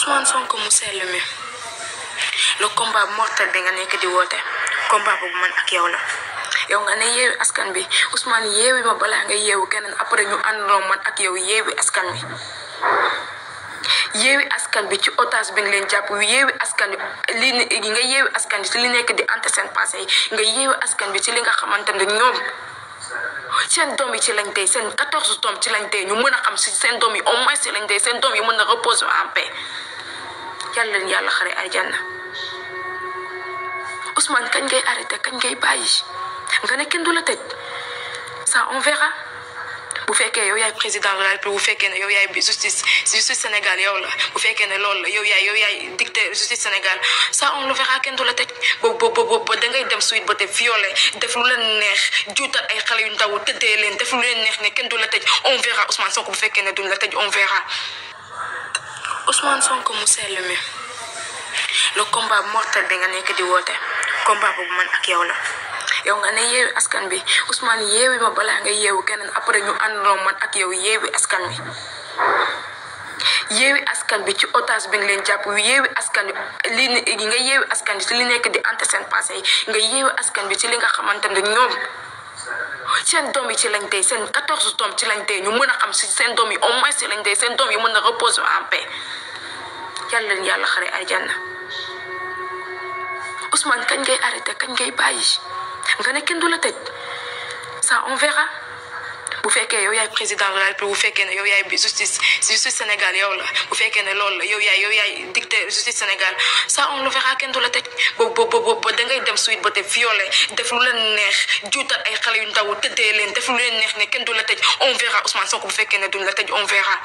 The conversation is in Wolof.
Ousmane Sonko mu sell mi le combat mortel bi nga nekk di woote combat man ak yow la yow nga ne yeewi askan bi Ousmane yeewi ma balaa nga yeewu keneen après ñu àndandoo man ak yow yeewi askan bi yeewi askan bi ci otage bi nga leen jàpp yeewi askan li nga yeewi askan bi ci li nekk di ante seen passé nga yeewi askan bi ci li nga xamante ne ñoom seen doom yi ci lañ tey seen quatorze doom ci lañ tey ñu mën a xam si seen doom yi au moins ci lañ tey seen doom yi mën a reposer en paix yàlla leen yàlla xare aljanna Ousmane kañ ngay arrêté kañ ngay bàyyi nga ne kenn du la tëj ça on verra bu fekkee yow yaay président de la république bu fekkee ne yow yaay justice justice Sénégal yow la bu fekkee ne loolu la yow yaay yow yaay dicteur justice Sénégal ça on le verra kenn du la tëj bo ba ba da ngay dem suite ba te violé def lu leen neex juutal ay xale yu ndaw tëddee leen def lu leen neex ne kenn du la tëj on verra Ousmane Sonko bu fekkee ne duñ la tëj on verra. Ousmane Sonko mu sell mi le combat bi nga nekk di woote combat man ak yow la yow nga ne yeewi askan bi Ousmane yeewi ma balaa nga yeewu keneen après ñu àndandoo man ak yow yeewi askan bi yeewi askan bi ci otage bi nga leen jàpp yeewi askan bi li nga yeewi askan bi ci li nekk di ante seen passé nga yeewi askan bi ci li nga xamante ne ñoom seen doom yi ci lañ tey seen quatorze doom ci lañ tey ñu mën a xam si seen doom yi au moins ci lañ seen doom yi mën a reposer en paix yàlla leen yàlla xare àjjana Ousmane kañ ngay arrêté kañ ngay bàyyi nga ne kenn du la tëj ça on verra bu fekkee yow yaay président de la bu fekkee ne yow yaay justice justice Sénégal yow la bu fekkee ne loolu la yow yaay yow yaay dicteur justice Sénégal ça on le verra kenn du la tëj ba ba ba da ngay dem suite ba te violé def lu leen neex juutal ay xale yu ndaw tëddee leen def lu leen neex ne kenn du la tëj on verra Ousmane Sonko bu fekkee ne duñ la tëj on verra.